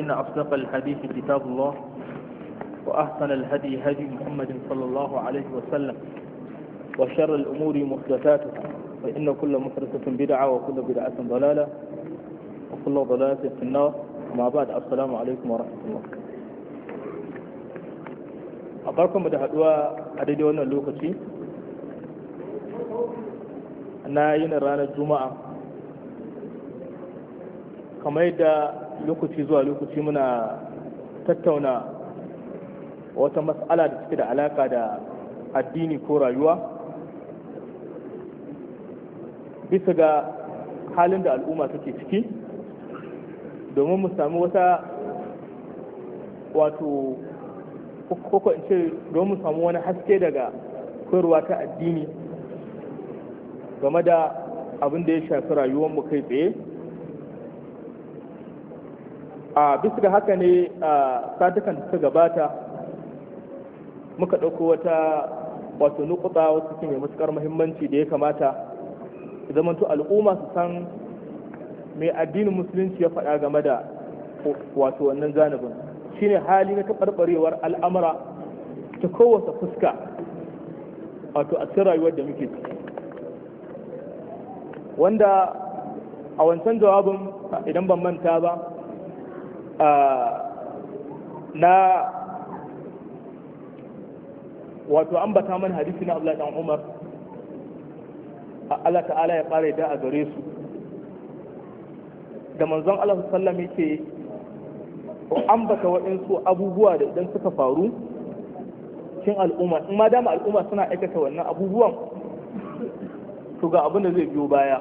إن أصدق الحديث كتاب الله وأحسن الهدي هدي محمد صلى الله عليه وسلم وشر الأمور محدثاتها فإن كل محدثة بدعة وكل بدعة ضلالة وكل ضلالة في النار ما بعد السلام عليكم ورحمة الله أباركم بدها دواء a daidai wannan أنا na yin ranar juma'a kamar lokaci zuwa lokaci muna tattauna wata matsala da suke da alaka da addini ko rayuwa bisa ga halin da al'umma take ciki domin mu sami wata wato koko in ce domin mu samu wani haske daga koyarwa ta addini game da abin da ya shafi rayuwar mu kai tsaye a bisa ga haka ne a satukan da suka gabata muka ɗauko wata wato nukuta wasu suke mai matuƙar muhimmanci da ya kamata zamanto al'umma su san mai addinin musulunci ya faɗa game da wato wannan zanubin shine hali na taɓarɓarewar al'amura ta kowace fuska wato a cikin rayuwar da muke wanda a wancan jawabin idan ban manta ba na wato ambata mana hadisi na Abdullahi dan Umar Allah ta'ala ya fara da a gare su da manzon Allah sallam yake ambata waɗansu abubuwa da idan suka faru cikin al'umma in ma dama al'umma suna aikata wannan abubuwan to ga abin da zai biyo baya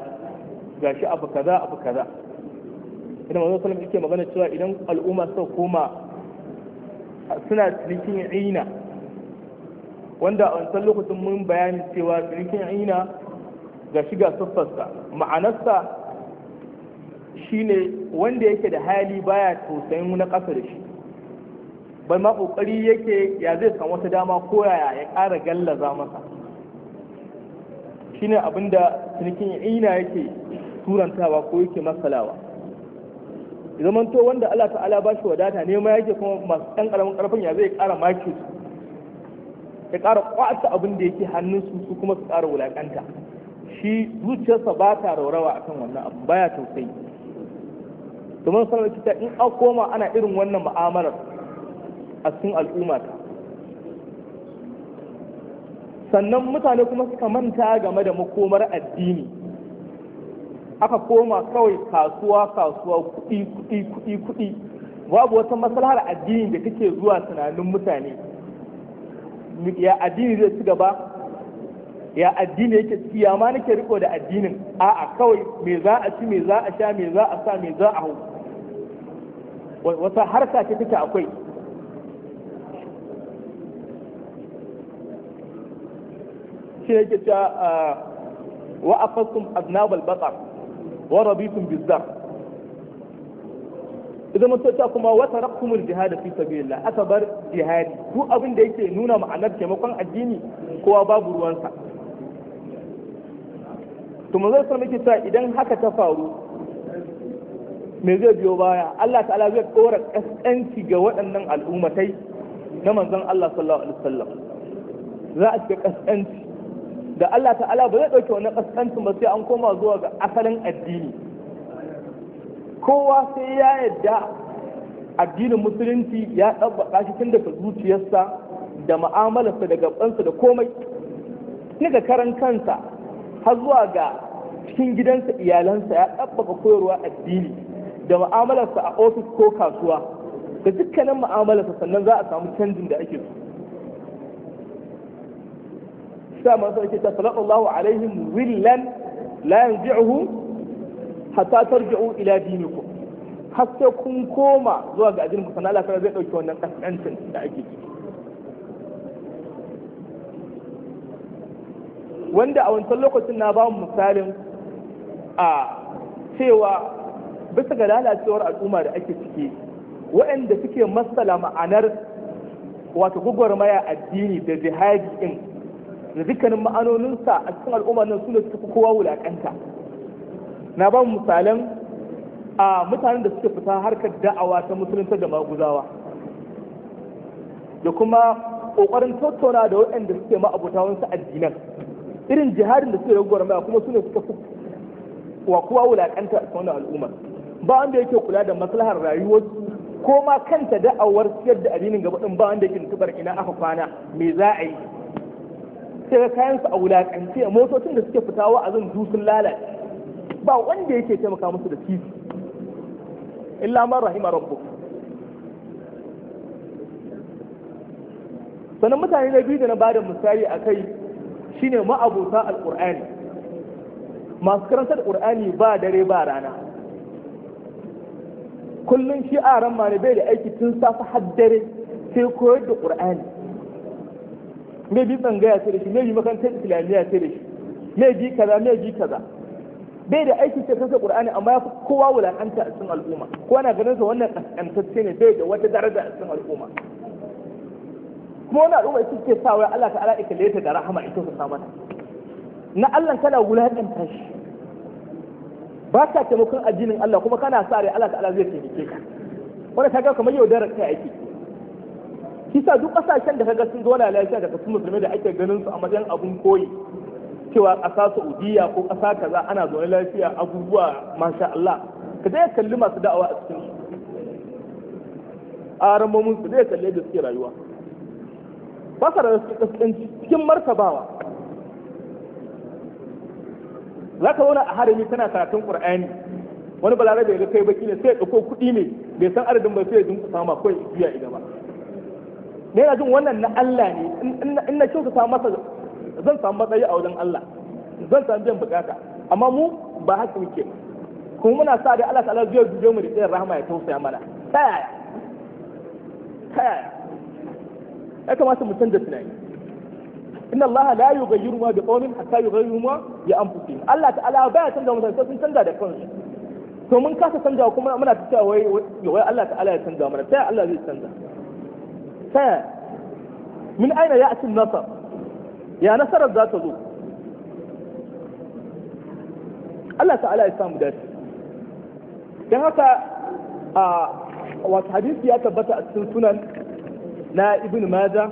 gashi abu kaza abu kaza idan wanzu salam yake magana cewa idan al'umma suka koma suna cinikin ina wanda a wancan lokacin mun bayani cewa cinikin ina ga shiga siffarsa ma'anarsa shine wanda yake da hali baya tausayin na kasa da shi bai ma ƙoƙari yake ya zai samu wata dama ko yaya ya ƙara gallaza masa shine abinda cinikin ina yake turantawa ko yake masalawa zaman to wanda Allah ta'ala ba shi wadata ne ma yake kuma masu ɗan ƙaramin ƙarfin ya zai ƙara maki su ya ƙara ƙwata abin da yake hannun su su kuma su ƙara wulaƙanta shi zuciyarsa ba ta raurawa akan wannan abu baya tausayi domin sanar kita in an koma ana irin wannan mu'amalar a cikin al'umma ta sannan mutane kuma suka manta game da makomar addini aka koma kawai kasuwa kasuwa kuɗi kuɗi kuɗi kuɗi babu wata maslahar addini da take zuwa tunanin mutane ya addini zai ci gaba ya addini yake ciki ya ma nake riko da addinin a'a kawai me za a ci me za a sha me za a sa me za a hau wata harka ce take akwai shi yake cewa ah, wa afasum abnabal batar wa rabitum idan mun ta kuma wa tarakkumul jihad fi sabilillah aka bar jihadi duk abin da yake nuna ma'anar taimakon addini kowa babu ruwansa to mun zai san idan haka ta faru me zai biyo baya Allah ta'ala zai dora kaskanci ga waɗannan al'ummatai na manzon Allah sallallahu alaihi wasallam za a shiga kaskanci da Allah ta'ala ba zai ɗauke wani ƙasƙancin ba sai an koma zuwa ga asalin addini kowa sai ya yadda addinin musulunci ya ɗabbaƙa shi tun daga zuciyarsa da ma'amalarsa da gabansa da komai Ni daga karan kansa har zuwa ga cikin gidansa iyalansa ya ɗabbaka koyarwa addini da ma'amalarsa a ofis ko kasuwa da dukkanin ma'amalarsa sannan za a samu canjin da ake so sa man yake ta sallallahu alaihim willan la yanzi'uhu hatta tarji'u ila dinikum har sai kun koma zuwa ga addinin sannan Allah zai dauki wannan kasancin da ake ciki wanda a wancan lokacin na ba mu misalin a cewa bisa ga lalacewar al'umma da ake ciki waɗanda suke masala ma'anar wato gwagwarmaya addini da jihadi din da dukkanin ma'anoninsa a cikin al'ummar nan su ne suka fi kowa wulaƙanta na ba mu misalan a mutanen da suka fita harkar da'awa ta musulunta da maguzawa da kuma ƙoƙarin tattauna da waɗanda suke ma'abuta wasu addinan irin jihadin da suke da maya kuma su ne suka fi wa kowa wulaƙanta a wannan al'ummar ba wanda yake kula da maslahar rayuwarsu ko ma kanta da'awar siyar da addinin gaba ɗin ba wanda yake tubar ina aka kwana me za a yi sai ga kayan su a wulakance motocin da suke fita wa'azin du sun lalace ba wanda yake taimaka musu da titi illa man rahima rabbuk sannan mutane na biyu da na bada misali a kai shine ma'abota alƙur'ani masu karantar qur'ani ba dare ba rana kullum shi a ran bai da aiki tun safe har dare sai koyar da ƙur'ani mai bi tsangaya ce da shi me bi makarantar islamiyya ce da shi me bi kaza mai bi kaza bai da aiki ce kansa qur'ani amma ya fi kowa wulakanta a cikin al'umma kowa na ganin sa wannan kaskantacce ne bai da wata daraja a cikin al'umma kuma wannan al'umma ita ce sa wai Allah ta'ala ikalle ta da rahama ita ta sa mata na Allah kana wulakanta shi ba ka taimakon addinin Allah kuma kana sa rai Allah ta'ala zai taimake ka wanda ta ga kamar yaudarar kai ake kisa duk kasashen da kaga sun zauna lafiya da kasu musulmai da ake ganin su a matsayin abun koyi cewa ƙasa Saudiya ko ƙasa kaza ana zaune lafiya abubuwa masha Allah ka dai kalli masu da'awa a cikin su a ramomin su dai kalli da suke rayuwa ba sa da suke cikin martabawa za ka zauna a harami tana karatun ƙur'ani, wani balarabe ya kai baki ne sai ya ɗauko kuɗi ne bai san adadin ba sai ya dinka sama kawai juya ida ba ne yana jin wannan na Allah ne in na samu masa zan samu matsayi a wajen Allah zan samu biyan bukata amma mu ba haka muke kuma muna sa da Allah ta'ala zai dube mu da tsayar rahama ya tausaya mana ta yaya ta yaya ya kamata mu canza tunani inna Allah la yughayyiru ma biqawmin hatta yughayyiru ma bi anfusihim Allah ta'ala baya canza mutane sai sun canza da kansu to mun kasa canza kuma muna ta cewa wai Allah ta'ala ya canza mana ta Allah zai canza ta min aina ya asin nasar ya nasarar za ta zo Allah ta'ala ya samu dace don haka a wata hadisi ya tabbata a cikin sunan na ibn maja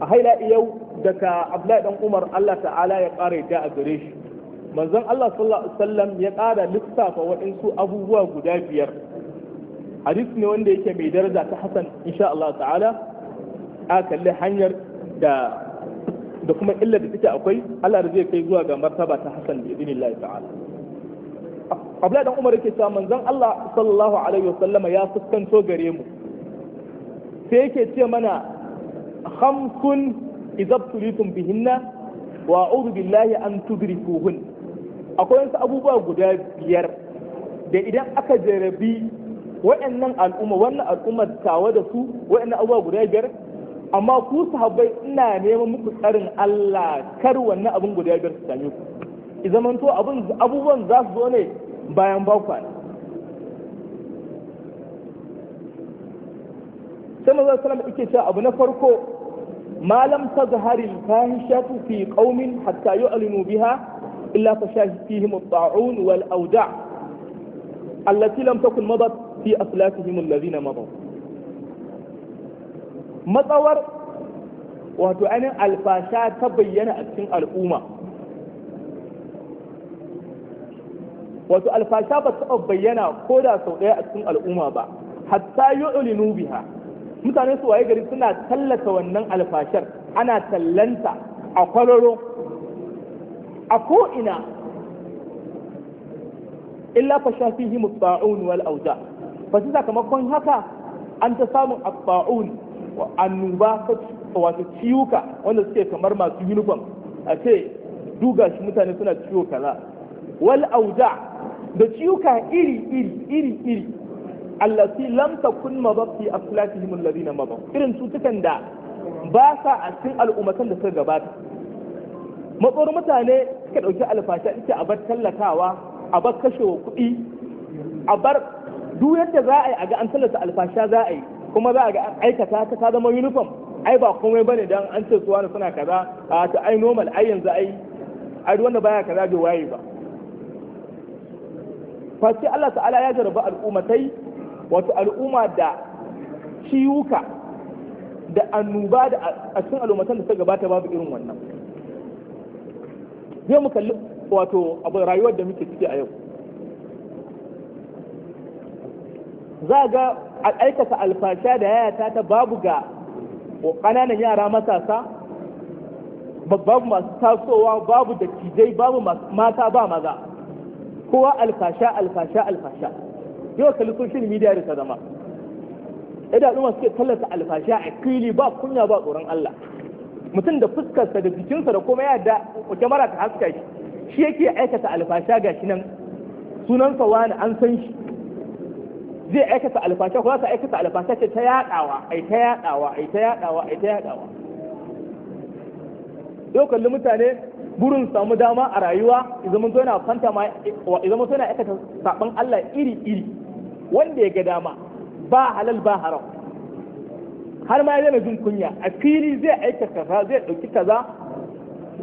a haila yau daga abdullahi dan umar Allah ta'ala ya ƙara ta a gare shi manzon Allah ya ƙara lissafa waɗansu abubuwa guda biyar hadisi ne wanda yake mai daraja ta hasan insha Allah ta'ala a kalli hanyar da da kuma illar da take akwai Allah da zai kai zuwa ga martaba ta hasan bi idinillahi ta'ala Abdullahi dan Umar yake cewa manzon Allah sallallahu alaihi wasallama ya fuskanto gare mu sai yake ce mana khamsun idabtulitum bihinna wa a'udhu billahi an tudrikuhun akwai wasu abubuwa guda biyar da idan aka jarabi wa'annan al'umma wannan al'umma tawa da su wa'annan abubuwa guda biyar amma ku sahabbai ina neman muku tsarin Allah kar wannan abin guda biyar su same ku izaman to abin abubuwan za su zo ne bayan ba ku sai manzo sallallahu alaihi cewa abu na farko malam tazhari al-fahishatu fi qaumin hatta yu'linu biha إلا فشاهد فيهم الطاعون والأوداع التي لم تكن مضت fi aslafihim allazina madaw matsawar wato ainihin alfasha ta bayyana a cikin al'umma wato alfasha ba taɓa bayyana ko da sau ɗaya a cikin al'umma ba hatta yu'linu biha mutane su waye gari suna tallata wannan alfashar ana tallanta a kwararo a ko'ina illa fa mutba'un wal auja ba su sakamakon haka an ta samun abba'un annuba wato ciwuka wanda suke kamar masu uniform a ce duga shi mutane suna ciwo kaza wal auda da ciwuka iri iri iri iri allati lam takun mabati aflatihim alladhina mabaw irin cutukan da ba sa a cikin al'ummatan da suka gabata matsor mutane suka dauki alfasha ita a bar tallatawa a bar kashewa kuɗi a bar duk yadda za a yi a ga an sallata alfasha za a yi kuma za a ga an aikata ta ta zama uniform ai ba komai bane dan an ce suwa suna kaza a ta ai normal ai yanzu ai ai wanda baya kaza bai waye ba fasi Allah ta'ala ya jarba al'ummatai wato al'umma da ciwuka da annuba da a cikin al'ummatan da suka gabata babu irin wannan zai mu kalli wato abu rayuwar da muke ciki a yau za ga a aikata alfasha da yayata ta babu ga ƙananan yara matasa babu masu tasowa babu da kijai babu mata ba maza kowa alfasha alfasha alfasha yau kalli social media da ta zama idanuma suke tallata alfasha a fili ba kunya ba tsoron Allah mutum da fuskarsa da jikinsa da kuma yadda kyamara ta haska shi shi yake aikata alfasha ga shi nan sunansa wani an san shi zai aikata alfashe ko zai aikata alfashe ce ta yadawa ai ta yadawa ai ta yadawa ai ta yadawa yau kalli mutane burin samu dama a rayuwa idan ina fanta ma idan mun ina aikata sabon Allah iri iri wanda ya ga dama ba halal ba haram har ma yana jin kunya a fili zai aikata kaza zai dauki kaza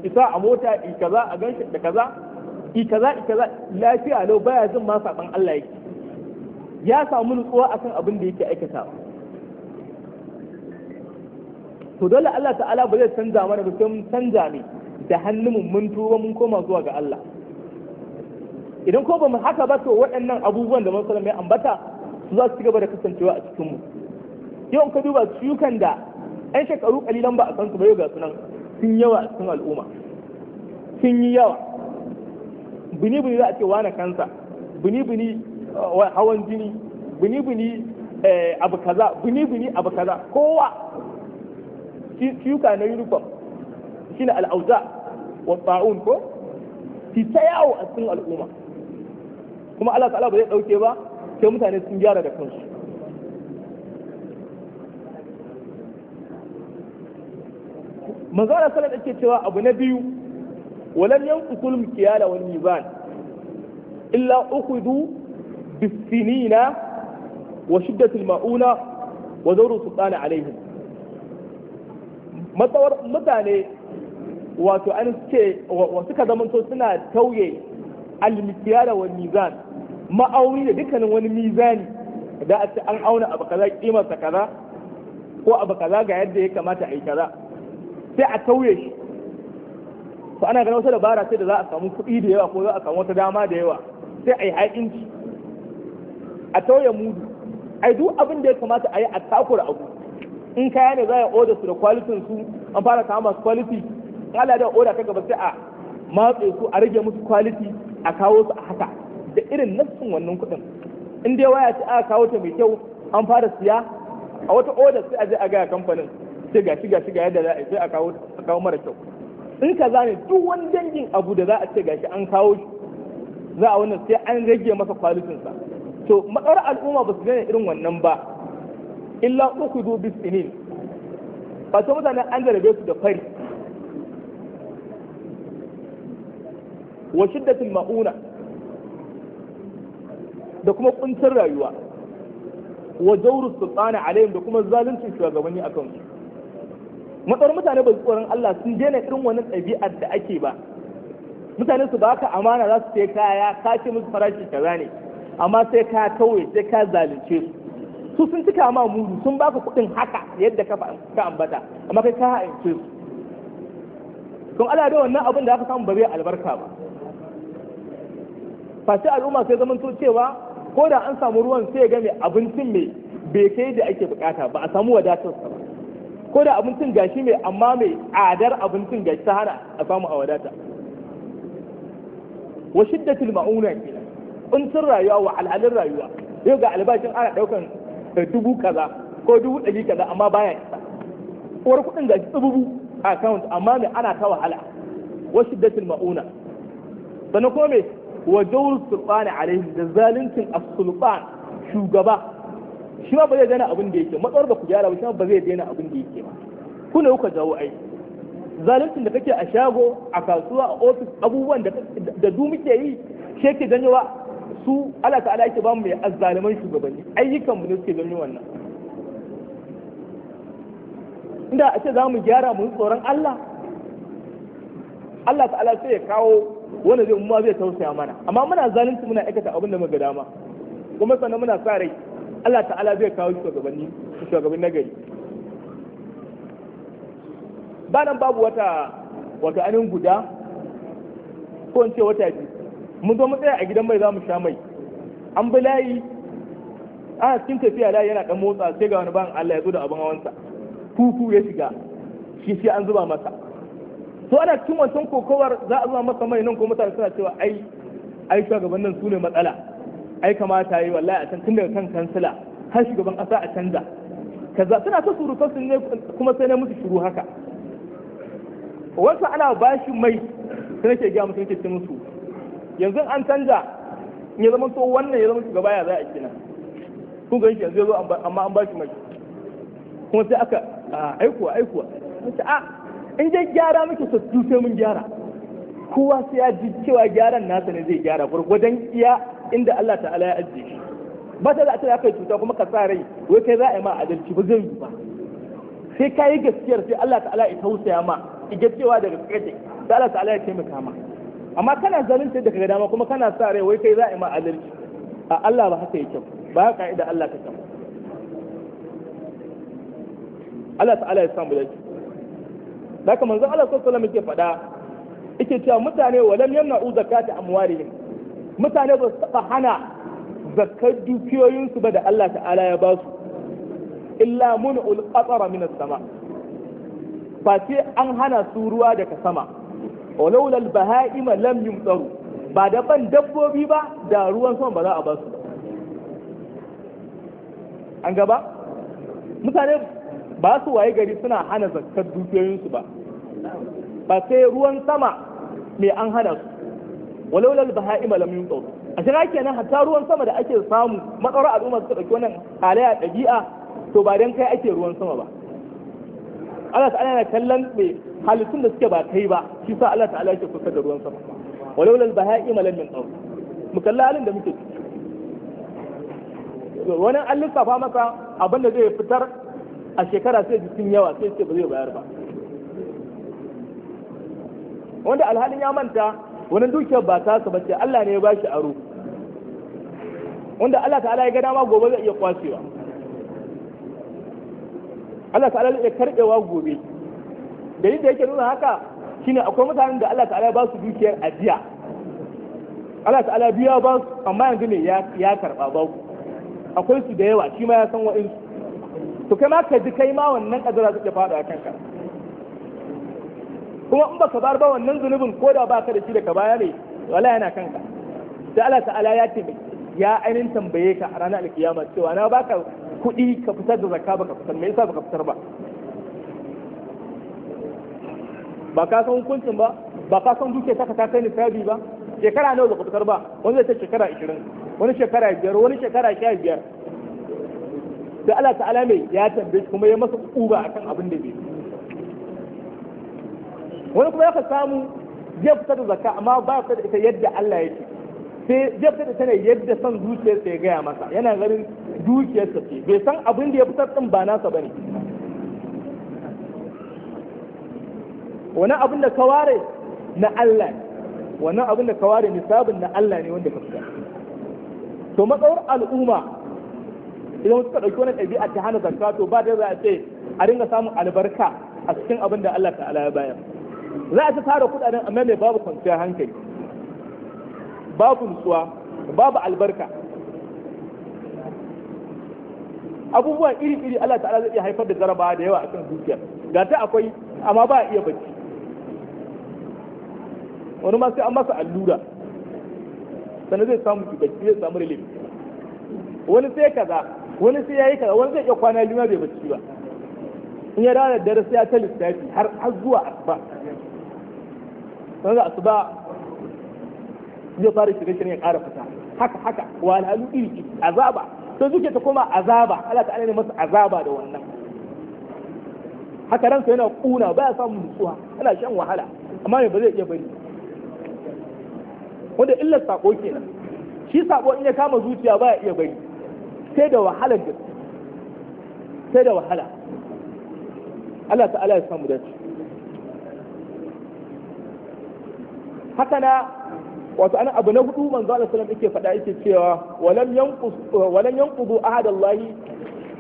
isa a mota i kaza a ganshi da kaza i kaza i kaza lafiya lau baya jin ma sabon Allah yake ya samu nutsuwa akan abin da yake aikata to dole Allah ta'ala ba zai canza mana ba sai mun canza ne da hannun mun tuba mun koma zuwa ga Allah idan ko ba mu haka ba to waɗannan abubuwan da masu ya ambata su za su ci gaba da kasancewa a cikinmu yau ka duba shukan da 'yan shekaru kalilan ba a san su ba yau ga sunan sun yawa a cikin al'umma sun yi yawa bini bini za a ce wane kansa bini bini Eh, hawan jini bini bini eh, abu kaza bini bini abu kaza kowa ciwuka na uniform ne al'auza wa ta'un ko ki ta yawo a cikin al'umma kuma Allah ta'ala ba zai dauke ba sai mutane sun gyara da kansu manzo Allah sallallahu alaihi cewa abu na biyu walan yanqusul kiyala wani mizan illa ukhudhu بالسنين وشدة المؤونة ودور السلطان عليهم matsawar mutane wato an ce wa suka zamanto suna tauye almikiyara wa mizan ma'auni da dukkanin wani mizani da a ce an auna abu kaza kimarsa kaza ko abu kaza ga yadda ya kamata a yi kaza sai a tauye shi to ana ganin wata dabara sai da za a samu kuɗi da yawa ko za a samu wata dama da yawa sai a yi haƙinci a tauye mudu ai duk abin da ya kamata a yi a takura abu in kaya ne za a oda su da kwalitin su an fara kama masu kwaliti ala da oda ta gaba sai a matse su a rage musu kwaliti a kawo su a haka da irin nassin wannan kuɗin in dai waya ce aka kawo ta mai kyau an fara siya a wata oda sai a je a gaya kamfanin sai ga shiga shiga yadda za a sai a kawo a kawo mara kyau in ka zane duk wani dangin abu da za a ce gashi an kawo shi za a wannan sai an rage masa kwalitinsa to madara al'umma ba su gane irin wannan ba illa uku zu bis ba ta mutane an jarabe su da fari wa shiddatul ma'una da kuma kuntar rayuwa wa jauru sultana alayhim da kuma zaluncin shugabanni akan su matsar mutane ba su tsoron Allah sun daina irin wannan ɗabi'ar da ake ba mutane su baka amana za su ce kaya ka ce musu farashi kaza ne amma sai ka kawai sai ka zalunce su su sun cika ma mudu sun baka kuɗin haka yadda ka ambata amma kai ka haince su kun ala da wannan abin da aka samu ba zai albarka ba fashi al'umma sai zaman to cewa ko da an samu ruwan sai ga me abincin mai bai kai da ake bukata ba a samu wadatarsa ba ko da abincin gashi mai amma mai adar abincin gashi ta hana a samu a wadata wa shiddatul ma'una kuncin rayuwa wa alhalin rayuwa yau ga albashin ana daukan eh, dubu kaza ko dubu ɗari kaza amma baya isa uwar kuɗin ga tsibubu a account amma ne ana ta wahala Wasu shiddatul mauna sannan kuma me wa jawul sultani alaihim da zaluncin a sultan shugaba shi ma ba zai daina abin da yake matsawar ba ku gyara ba shi ma ba zai daina abin da yake ba ku ne kuka jawo aiki zaluncin da kake a shago a kasuwa a ofis abubuwan da da du muke yi shi ke janyowa su Allah ta'ala yake ba mu mai azzaliman shugabanni ayyukan mu ne suke ganin wannan inda a ce za mu gyara mu tsoron Allah Allah ta'ala sai ya kawo wanda zai mu zai tausaya mana amma muna zalunci muna aikata abin da muka dama kuma sannan muna sa rai Allah ta'ala zai kawo shugabanni shugabanni na gari ba nan babu wata wata anin guda ko in ce wata biyu mun zo mu a gidan mai za mu sha mai an bi layi a cikin tafiya layi yana dan motsa sai ga wani ban Allah ya zo da abin hawansa kuku ya shiga shi sai an zuba masa to ana cikin wancan kokowar za a zuba masa mai nan ko mutane suna cewa ai ai shugaban nan su ne matsala ai kamata yi wallahi a can tun daga kan kansila har shugaban kasa a canza kaza suna ta suru kasu ne kuma sai na musu shiru haka wasu ana bashi mai sai nake gaya musu nake ce musu yanzu an canja ya zama to wannan ya zama shugaba ya za a kina kun ga yanzu zo amma an ba shi mai kuma sai aka aikuwa aikuwa a in dai gyara muke sattu sai mun gyara kowa sai ya ji cewa gyaran nasa ne zai gyara gwargwadon iya inda Allah ta'ala ya ajiye shi ba ta za a kai cuta kuma ka sa rai wai kai za a yi ma adalci ba zai yi ba sai ka yi gaskiyar sai Allah ta'ala ya tausaya ma ya cewa daga gaske da Allah ta'ala ya taimaka ma amma kana zalunci da kaga dama kuma kana sa rai wai kai za a yi ma a Allah ba haka yake ba haka ka'ida Allah ka kama Allah ta'ala ya samu dace da haka manzon Allah sallallahu alaihi wasallam yake faɗa yake cewa mutane walam yamna'u zakati amwalihim mutane ba su taɓa hana zakar dukiyoyinsu ba da Allah ta'ala ya ba su illa mun'ul qatara min sama face an hana su ruwa daga sama walaula bahaima lam yumtaru ba da ban dabbobi ba da ruwan sama ba za a ba an gaba mutane ba su waye gari suna hana zakkar dukiyoyinsu ba ba sai ruwan sama mai an hana su walaula bahaima lam yumtaru a ake nan hatta ruwan sama da ake samu matsaurar al'umma suka ɗauki wannan halayya ɗabi'a to ba don kai ake ruwan sama ba Allah ta'ala yana kallon mai halittun da suke ba kai ba shi sa Allah ta'ala yake kusa da ruwan sama walau lal baha'i malan min qawl mu kalla halin da muke wani an lissafa maka abin da zai fitar a shekara sai ji sun yawa sai ce ba zai bayar ba wanda alhalin ya manta wani dukiyar ba ta ba ce Allah ne ya ba shi aro wanda Allah ta'ala ya ga dama gobe zai iya kwacewa Allah ta'ala ya iya karbewa gobe dalilin da yake nuna haka shine akwai mutanen da Allah ta'ala ba su dukiyar ajiya Allah ta'ala biya ba su amma yanzu ne ya karba ba ku akwai su da yawa shi ma ya san su to kai ma ka ji kai ma wannan kadara suke faɗo a kanka kuma in baka bar ba wannan zunubin ko da baka da shi da ka baya ne wala yana kanka sai Allah ta'ala ya ce ya ainihin tambaye ka a ranar alkiyama cewa na baka kuɗi ka fitar da zakka baka fitar me yasa baka fitar ba ba ka san hukuncin ba ba ka san duke saka ta kai nisabi ba shekara nawa baka fitar ba wani zai ta shekara 20 wani shekara 5 wani shekara 15 sai Allah ta'ala mai ya tambaye kuma ya masa uba akan abin da bai wani kuma ka samu zai fita da zakka amma ba fita da ita yadda Allah ya ce sai zai fita da ne yadda son zuciyarsa ya gaya masa yana ganin dukiyarsa ce bai san abin da ya fitar din ba nasa bane wannan abin da ka ware na Allah ne wani abin da ka ware na Allah ne wanda ka fita to matsawar al'umma idan suka ɗauki wani ɗabi'a ta hana zakka to ba da za a ce a dinga samun albarka a cikin abin da Allah ta'ala ya bayar za a ta tara kuɗaɗen amma mai babu kwanciyar hankali babu nutsuwa babu albarka abubuwan iri-iri Allah ta'ala zai iya haifar da jarabawa da yawa a kan zuciya ga ta akwai amma ba a iya bacci wani ma sai an masa allura sannan zai samu bacci zai samu relief wani sai kaza wani sai yayi kaza wani zai iya kwana biyu bai bacci ba in ya dawo da dare sai ya ta lissafi har har zuwa asuba sannan da asuba zai fara shiga shirin ya ƙara fita haka haka wa alhalu iri azaba To zuke ta koma azaba Allah ta'ala ne masa azaba da wannan haka ransa yana kuna baya samun nutsuwa ana shan wahala amma ne ba zai iya bari da illar sako kenan shi sako in ya kama zuciya baya iya bari sai da wahalar da sai da wahala Allah ta'ala ya samu dace haka na wato ana abu na hudu manzo Allah sallallahu yake faɗa yake cewa walam yanqus walam yanqudu ahadallahi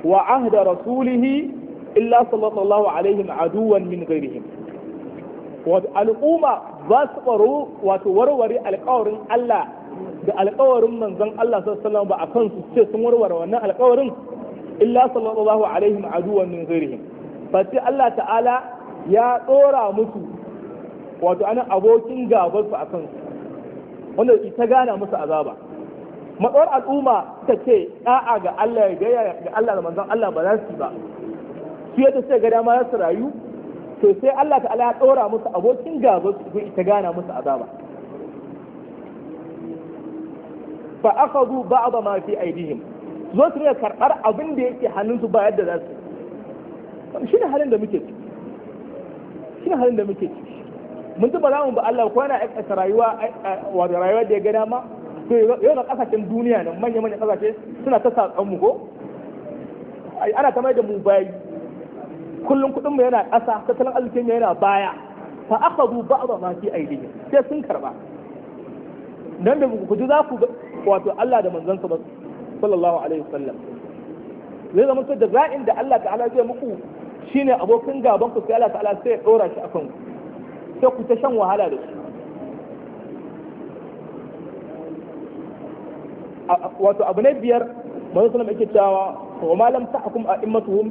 wa ahda rasulihi illa sallallahu alaihi aduwan min ghairihim wato al'umma za su ɓaro wato warware alkawarin Allah da alkawarin manzon Allah sallallahu ba a kansu ce sun warware wannan alkawarin illa sallallahu alaihim aduwan min ghairihim fati Allah ta'ala ya tsora musu wato ana abokin gabar su a kansu wanda ita gana musu azaba matsawar al'umma ta ce da'a ga Allah ya ga Allah da manzon Allah ba za su ba su yadda sai ga dama za su rayu to sai Allah ta'ala ya ɗora musu abokin gaba su ita gana musu azaba fa akhadhu ba'd ma fi aydihim zo su ne karbar abin da yake hannunsu ba yadda za su shi ne halin da muke ciki shi ne halin da muke ciki mun ji ba za mu ba Allah ko yana aikata rayuwa wa rayuwa da ya gana ma to yau da kasashen duniya nan manya manya kasashe suna ta saƙon mu ko ana ta mai da mu bayi kullum kuɗin mu yana ƙasa tattalin arzikin mu yana baya fa akhadhu ba'd ma fi aydihim sai sun karba nan da ku ji za ku wato Allah da manzon ba sallallahu alaihi wasallam zai zama to da za'in da Allah ta'ala zai muku shine abokin gaban ku sai Allah ta'ala sai ya dora shi akan ku sai ku ta shan wahala da shi wato abu na biyar manzo sallallahu alaihi wasallam yake cewa wa malam ta'akum a'immatuhum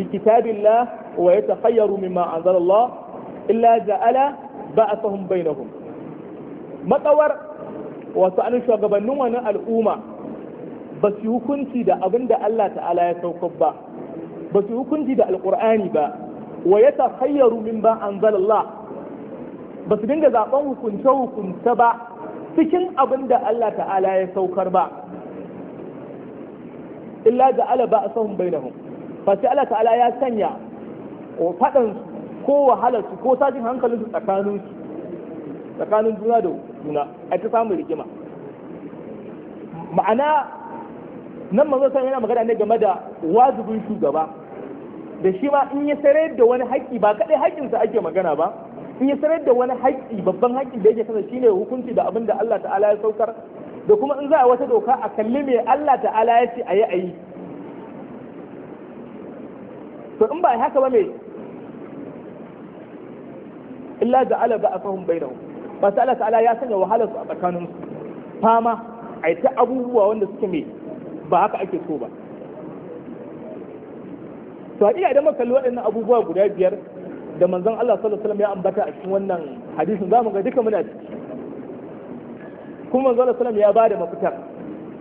بكتاب الله ويتخير مما أنزل الله إلا جعل بأسهم بينهم matsawar wasu an al'umma ba hukunci da abin da Allah ya saukar ba ba hukunci da alkur'ani ba wa ya tafayyaru min ba an zalallah ba su dinga zaben hukunce hukunce ba cikin abin da Allah ya ba ba a sahun ba Allah ta'ala ya sanya faɗan ko wahalar su ko tashin hankalin su tsakanin tsakanin juna da juna a ta samun rigima ma'ana nan manzo san yana magana ne game da wajibin shugaba da shi ma in ya sarar da wani haƙƙi ba kadai haƙƙinsa ake magana ba in ya sarar da wani haƙƙi babban haƙƙin da yake kasa shine hukunci da abin da Allah ta'ala ya saukar da kuma in za a wata doka a kalli me Allah ta'ala ya ce a ayi to in ba haka ba me illa da ala ba a fahim bainahu ba ta ala ta'ala ya sanya wahala su a tsakanin fama a yi ta abubuwa wanda suke me ba haka ake so ba to haƙiƙa idan muka kalli waɗannan abubuwa guda biyar da manzon Allah sallallahu alaihi wasallam ya ambata a cikin wannan hadisin mu ga duka muna ciki kuma manzon Allah sallallahu alaihi wasallam ya bada mafitar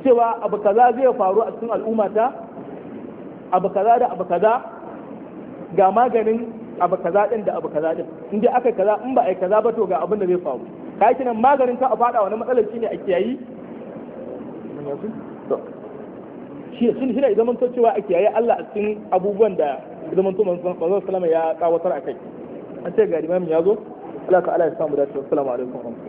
cewa abu kaza zai faru a cikin al'ummata abu kaza da abu kaza ga maganin abu kaza din da abu kaza din in dai aka kaza in ba ai kaza ba to ga abin da zai faru kai kinan maganin ka a fada wani matsalar shine a kiyayi shi shi shine idan mun cewa a kiyaye Allah a cikin abubuwan da zaman to manzon sallallahu alaihi wasallam ya kawatar akai an ce ga imamin ya zo Allah ka ya samu dace assalamu alaikum